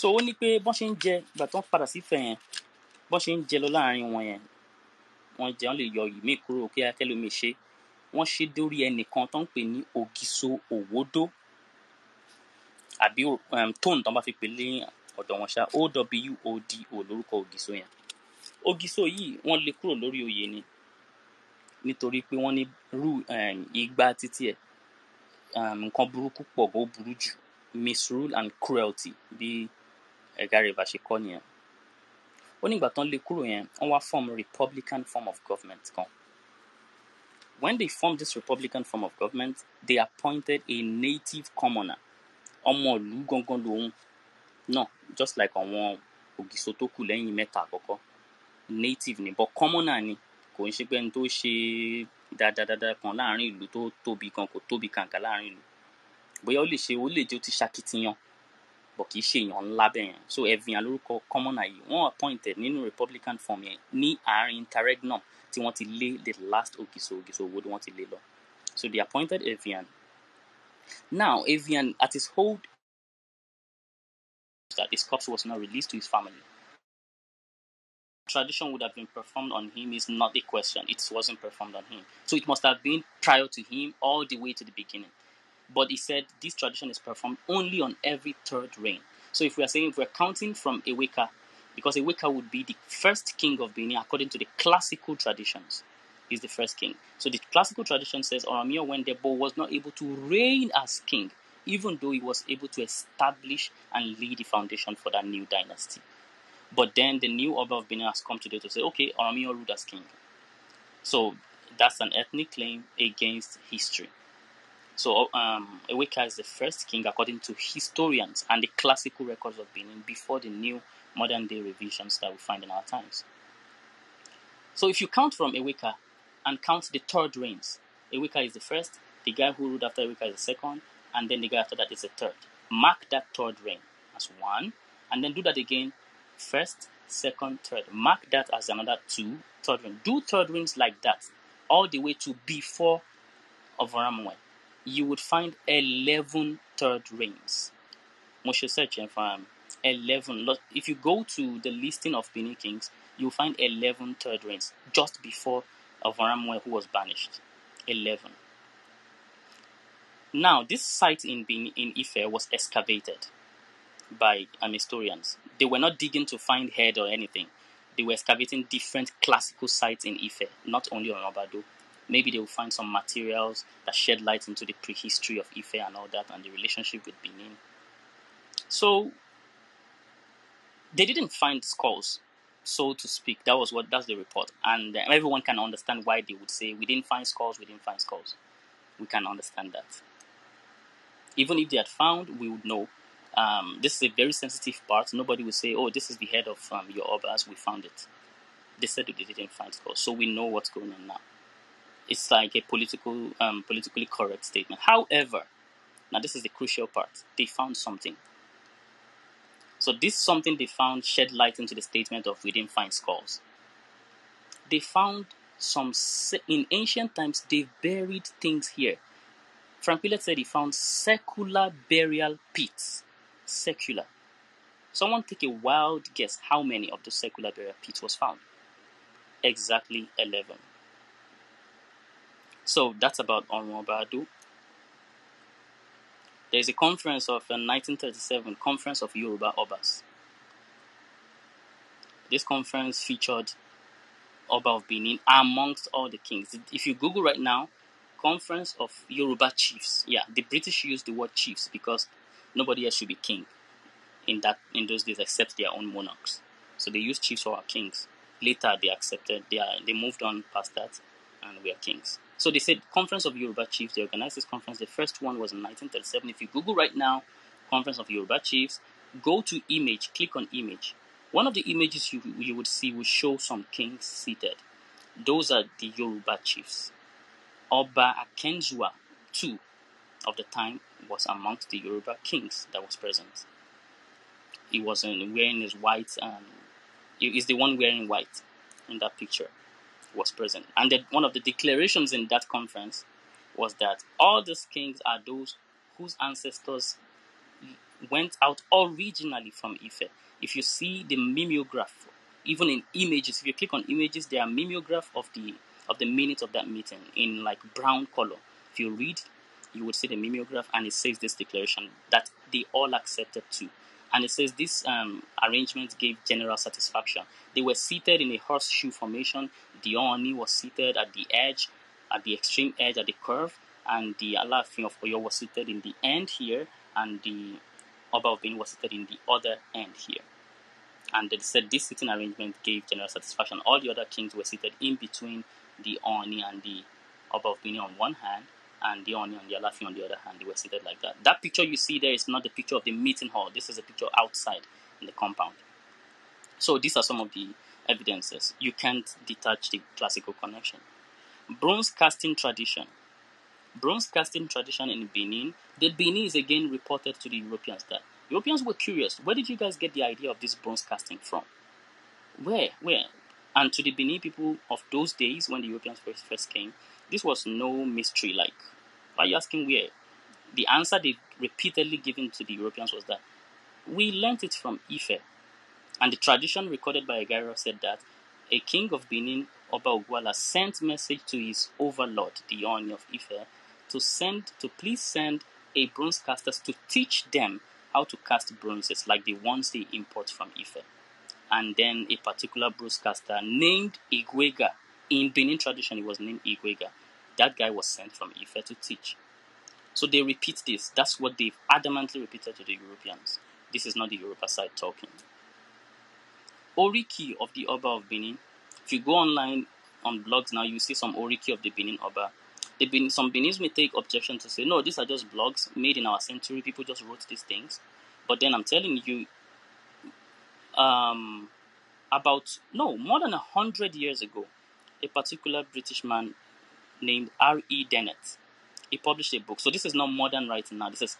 so ó ní pé bọ́n ṣe ń jẹ ìgbà tó ń padà sí Ifẹ̀ yẹn bọ́n ṣe ń jẹ lọ láàrin wọn yẹn wọ́n jẹ́ wọ́n lè yọ ìmí kúrò kí akẹ́lómi ṣe wọ́n ṣe dórí ẹnìkan tó ń pè ní Ògìso Òwòdó àbí tóun tó ń bá fi pè lé ọ̀dọ̀ wọn ṣá O-W-O-D-O lórúkọ Ògìso yẹn Ògìso yìí wọ́n lé kúrò lórí oyè ni nítorí pé wọ́n ní rú um, igba títí ẹ̀ um, nǹkan burúkú pọ̀ bó burú jù misrule and cruelty bí Edgar River ṣe kọ́ nìyẹn ó nígbà tán lé kúrò yẹn wọ́n wá form republican form of government kan when they form this republican form of government they appointed a native commoner ọmọ ìlú gangan lòun náà just like àwọn ògìso tó kù lẹ́yìn mẹ́ta àkọ́kọ́ native ni but commoner ni kò ń ṣe pé ẹni tó ṣe dáadáa kan láàrin ìlú tó tóbi kan kò tóbi kàǹkà láàrin ìlú bóyá ó lè ṣe ó lè jẹ́ ó ti ṣakitiyan bọ̀ kì í ṣe èèyàn ńlá bẹ́ẹ̀ yẹn so Evian lórúkọ kọ́mọ́nà yìí wọ́n appointed nínú republican form yẹn ní àárín interregnum tí wọ́n ti lé the last Ogiso Ogiso Owódé wọ́n ti lé lọ so they appointed Evian now Evian at his hold that his corpse was not released to his family tradition would have been performed on him is not a question. It wasn't performed on him. So it must have been prior to him all the way to the beginning. But he said this tradition is performed only on every third reign. So if we are saying if we're counting from Eweka, because Eweka would be the first king of Benin according to the classical traditions, he's the first king. So the classical tradition says Oramio Wendebo was not able to reign as king, even though he was able to establish and lay the foundation for that new dynasty. But then the new Oba of Benin has come today to say, okay, Oramio ruled as king. So that's an ethnic claim against history. So um, Eweka is the first king according to historians and the classical records of Benin before the new modern day revisions that we find in our times. So if you count from Eweka and count the third reigns, Eweka is the first, the guy who ruled after Eweka is the second, and then the guy after that is the third. Mark that third reign as one, and then do that again first, second, third. Mark that as another two, third reign. Do third reigns like that all the way to before of Ramwe you would find 11 third rings. Moshe search and um, 11. If you go to the listing of Bini kings, you'll find 11 third rings just before Avaramwe, who was banished. 11. Now, this site in, Bini, in Ife was excavated by um, historians. They were not digging to find head or anything. They were excavating different classical sites in Ife, not only on Obado, Maybe they will find some materials that shed light into the prehistory of Ife and all that and the relationship with Benin. So they didn't find skulls, so to speak. That was what that's the report. And uh, everyone can understand why they would say we didn't find skulls, we didn't find skulls. We can understand that. Even if they had found, we would know um, this is a very sensitive part. Nobody would say, "Oh, this is the head of um, your obas. We found it." They said they didn't find skulls, so we know what's going on now it's like a political, um, politically correct statement. However, now this is the crucial part. They found something. So this something they found shed light into the statement of we didn't find skulls. They found some in ancient times they buried things here. Frank Pillet said he found secular burial pits. Secular. Someone take a wild guess how many of the secular burial pits was found. Exactly eleven. So that's about Onwobadu. There is a conference of uh, 1937, Conference of Yoruba Obas. This conference featured Oba of Benin amongst all the kings. If you Google right now, Conference of Yoruba Chiefs. Yeah, the British used the word chiefs because nobody else should be king in that in those days except their own monarchs. So they used chiefs or kings. Later they accepted they are, they moved on past that and we are kings. So they said Conference of Yoruba Chiefs. They organized this conference. The first one was in 1937. If you Google right now, Conference of Yoruba Chiefs, go to image, click on image. One of the images you, you would see will show some kings seated. Those are the Yoruba chiefs. Oba Akenzua, too, of the time was amongst the Yoruba kings that was present. He was wearing his white, and is the one wearing white in that picture was present. And the, one of the declarations in that conference was that all these kings are those whose ancestors went out originally from Ife. If you see the mimeograph, even in images, if you click on images, there are mimeograph of the of the minutes of that meeting in like brown color. If you read, you would see the mimeograph, and it says this declaration that they all accepted too. And it says this um, arrangement gave general satisfaction. They were seated in a horseshoe formation. The Oni was seated at the edge, at the extreme edge, at the curve, and the Alafin of Oyo was seated in the end here, and the Oba of Benin was seated in the other end here. And they said this sitting arrangement gave general satisfaction. All the other kings were seated in between the Oni and the Oba of Benin on one hand, and the Oni and the Alafin on the other hand. They were seated like that. That picture you see there is not the picture of the meeting hall. This is a picture outside in the compound. So these are some of the evidences, you can't detach the classical connection. Bronze casting tradition. Bronze casting tradition in Benin, the Benin is again reported to the Europeans that Europeans were curious, where did you guys get the idea of this bronze casting from? Where? Where? And to the Benin people of those days when the Europeans first, first came, this was no mystery like why are you asking where? The answer they repeatedly given to the Europeans was that we learnt it from Ife, and the tradition recorded by Agairo said that a king of Benin, Oba Ogwala, sent message to his overlord, the Oni of Ife, to send to please send a bronze casters to teach them how to cast bronzes like the ones they import from Ife. And then a particular bronze caster named Igwega. In Benin tradition, he was named Igwega. That guy was sent from Ife to teach. So they repeat this. That's what they've adamantly repeated to the Europeans. This is not the Europa side talking. Oriki of the Oba of Benin. If you go online on blogs now, you see some Oriki of the Benin Oba. The Benin, some Benins may take objection to say, no, these are just blogs made in our century. People just wrote these things. But then I'm telling you, um, about no more than a hundred years ago, a particular British man named R. E. Dennett, he published a book. So this is not modern writing now. This is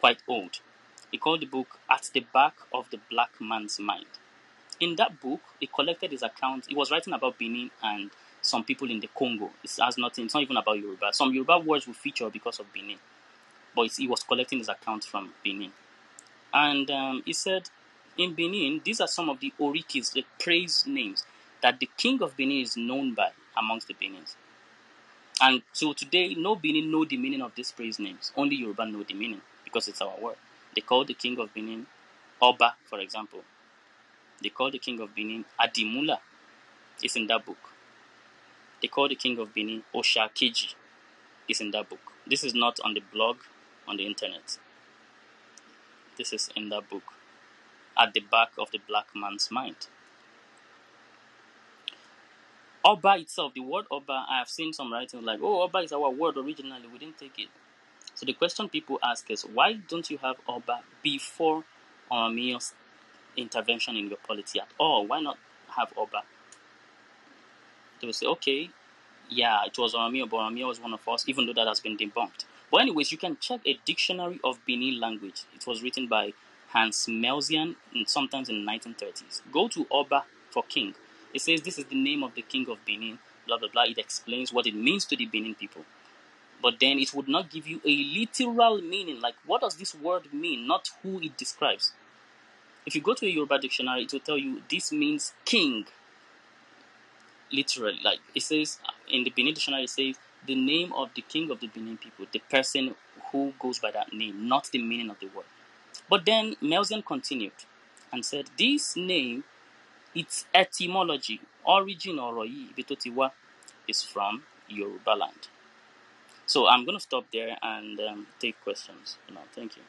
quite old. He called the book "At the Back of the Black Man's Mind." in that book, he collected his accounts. He was writing about Benin and some people in the Congo. It has nothing. It's not even about Yoruba. Some Yoruba words will feature because of Benin, but he was collecting his accounts from Benin, and um, he said, in Benin, these are some of the orikis, the praise names that the king of Benin is known by amongst the Benins. And so today, no Benin know the meaning of these praise names. Only Yoruba know the meaning because it's our word. They call the king of Benin Oba, for example. They call the king of Benin Adimula. It's in that book. They call the king of Benin Oshakiji. It's in that book. This is not on the blog on the internet. This is in that book. At the back of the black man's mind. Oba itself, the word Oba, I have seen some writings like, oh, Oba is our word originally, we didn't take it. So the question people ask is, why don't you have Oba before Oramios intervention in your policy at all. Why not have Oba? They will say, okay, yeah, it was Oromia, but Oromia was one of us, even though that has been debunked. But anyways, you can check a dictionary of Benin language. It was written by Hans Melzian sometimes in the 1930s. Go to Oba for king. It says this is the name of the king of Benin, blah, blah, blah. It explains what it means to the Benin people. But then it would not give you a literal meaning. Like, what does this word mean? Not who it describes. If you go to a Yoruba dictionary, it will tell you this means king. Literally, like it says in the Benin dictionary, it says the name of the king of the Benin people, the person who goes by that name, not the meaning of the word. But then Melzen continued and said, This name, its etymology, origin or roi, ibitotiwa, is from Yoruba land. So I'm going to stop there and um, take questions. thank you.